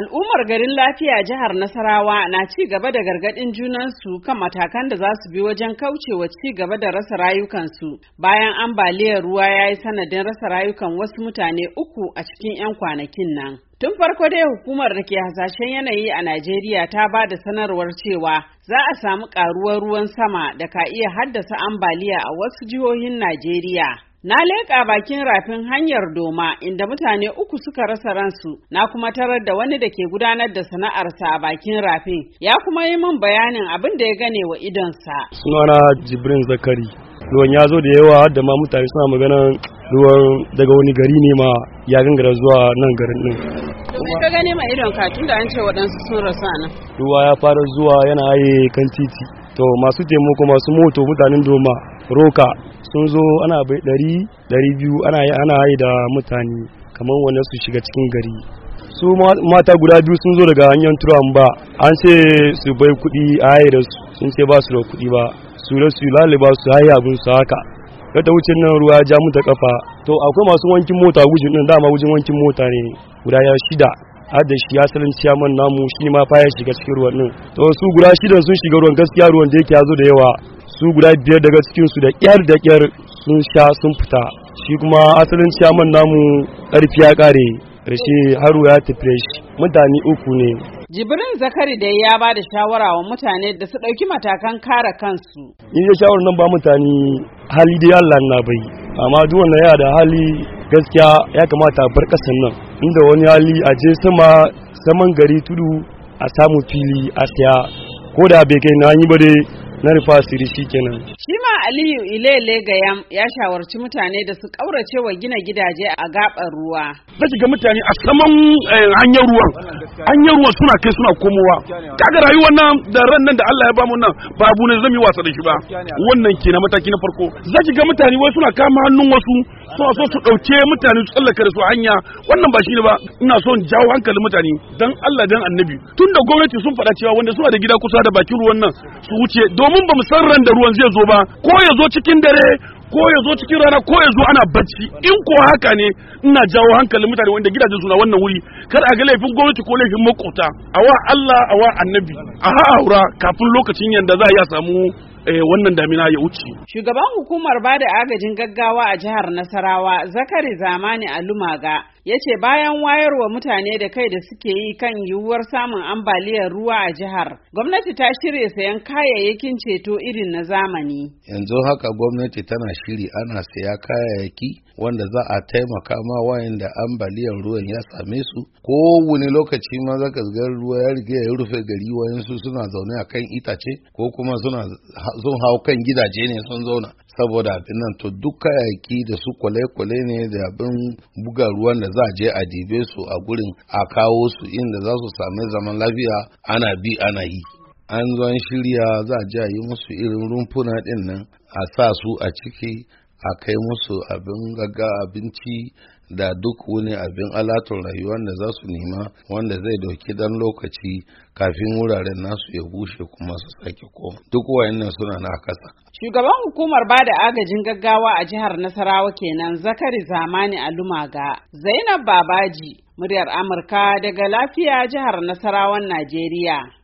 Al'ummar garin lafiya jihar Nasarawa na ci gaba da gargaɗin junansu kan matakan da za su bi wajen kaucewa ci gaba da rasa rayukansu bayan ambaliyar ruwa ya yi sanadin rasa rayukan wasu mutane uku a cikin 'yan kwanakin nan. Tun farko dai hukumar da ke hasashen yanayi a Najeriya ta ba da sanarwar cewa za a samu ƙaruwar ruwan sama da ka iya haddasa ambaliya a wasu jihohin Najeriya. Na leƙa bakin rafin hanyar doma inda mutane uku suka rasa ransu na kuma tarar da wani da ke gudanar da sana'arsa a bakin rafin ya kuma yi min bayanin abin da ya gane wa idonsa. Sunana Jibrin Zakari ruwan ya zo da yawa da ma mutane suna magana ruwan daga wani gari ne ma ya gangara zuwa nan garin din. Kuma ka gane ma idon ka tunda an ce waɗansu sun rasa nan. Ruwa ya fara zuwa yana aye kan titi. To masu taimako masu moto mutanen doma roka sun zo ana bai ɗari ɗari biyu ana yi da mutane kamar wani su shiga cikin gari su mata guda biyu sun zo daga hanyar turan ba an ce su bai kuɗi a da su sun ce ba su da kuɗi ba su da su laliba su haye abin su haka da wucin wuce nan ruwa ja mu ta kafa to akwai masu wankin mota gujin nan dama wujin wankin mota ne guda ya shida har da shi salin ciyaman namu shi ma fa ya shiga cikin ruwan nan to su guda shidan sun shiga ruwan gaskiya ruwan da yake ya zo da yawa su guda biyar daga cikin su da kyar da kyar sun sha sun fita shi kuma asalin ciyaman namu karfi ya kare rashe haru ya tafi shi mutane uku ne jibrin zakari da ya ba da shawara wa mutane da su ɗauki matakan kare kansu in ya shawarar nan ba mutane hali da allah na bai amma duk wanda yana da hali gaskiya ya kamata bar kasan nan inda wani hali a je sama saman gari tudu a samu fili a siya ko da bai kai na yi ba dai na rufa asiri shikenan shi ma aliyu ilele gayam ya shawarci mutane da su kaurace wa gina gidaje a gabar ruwa Na shiga mutane a saman eh, hanyar ruwan hanyar ruwan suna kai suna komowa kaga rayuwa nan da ran nan da Allah ya bamu nan ba abu ne zan yi wasa da shi ba wannan ke na mataki na farko zaki ga mutane wai suna kama hannun wasu suna so su dauke mutane su tsallaka da su hanya wannan ba shi ne ba ina son jawo hankalin mutane dan Allah dan annabi tunda gwamnati sun faɗa cewa wanda suna da gida kusa da bakin ruwan nan su wuce don domin ba mu san ran da ruwan zai zo ba ko ya zo cikin dare ko ya zo cikin rana ko ya zo ana bacci in ko haka ne ina jawo hankalin mutane wanda gidajen suna wannan wuri kar a ga laifin gwamnati ko laifin makota a wa Allah a wa annabi a haura kafin lokacin yanda za a iya samu eh, wannan damina ya wuce. Shugaban hukumar bada agajin gaggawa a jihar Nasarawa Zakari Zamani Alumaga ya ce bayan wayarwa mutane da kai da suke yi kan yiwuwar samun ambaliyar ruwa a jihar gwamnati ta shirya sayan kayayyakin ceto irin na zamani yanzu haka gwamnati tana shiri ana saya kayayyaki wanda za a taimaka ma wayan da ambaliyar ruwan ya same su wani lokaci ma ka ga ruwa ya riga ya rufe gari wayansu suna zaune a kan itace ko kuma suna sun hau kan gidaje ne sun zauna saboda nan to duk kayaki da su kwale-kwale ne da abin buga ruwan da za a je a dibe su a gurin a kawo su inda za su sami zaman lafiya ana bi ana yi an an shirya za a je a yi musu irin rumfuna din nan a sa su a ciki a kai musu abin gaga abinci da duk wani abin alatun rayuwar da za su nema wanda zai dauki dan lokaci kafin wuraren nasu ya bushe kuma su sake koma duk wayannan suna na kasa shugaban hukumar ba da agajin gaggawa a jihar nasarawa kenan zakari zamani a Lumaga, zainab babaji muryar amurka daga lafiya jihar nasarawan najeriya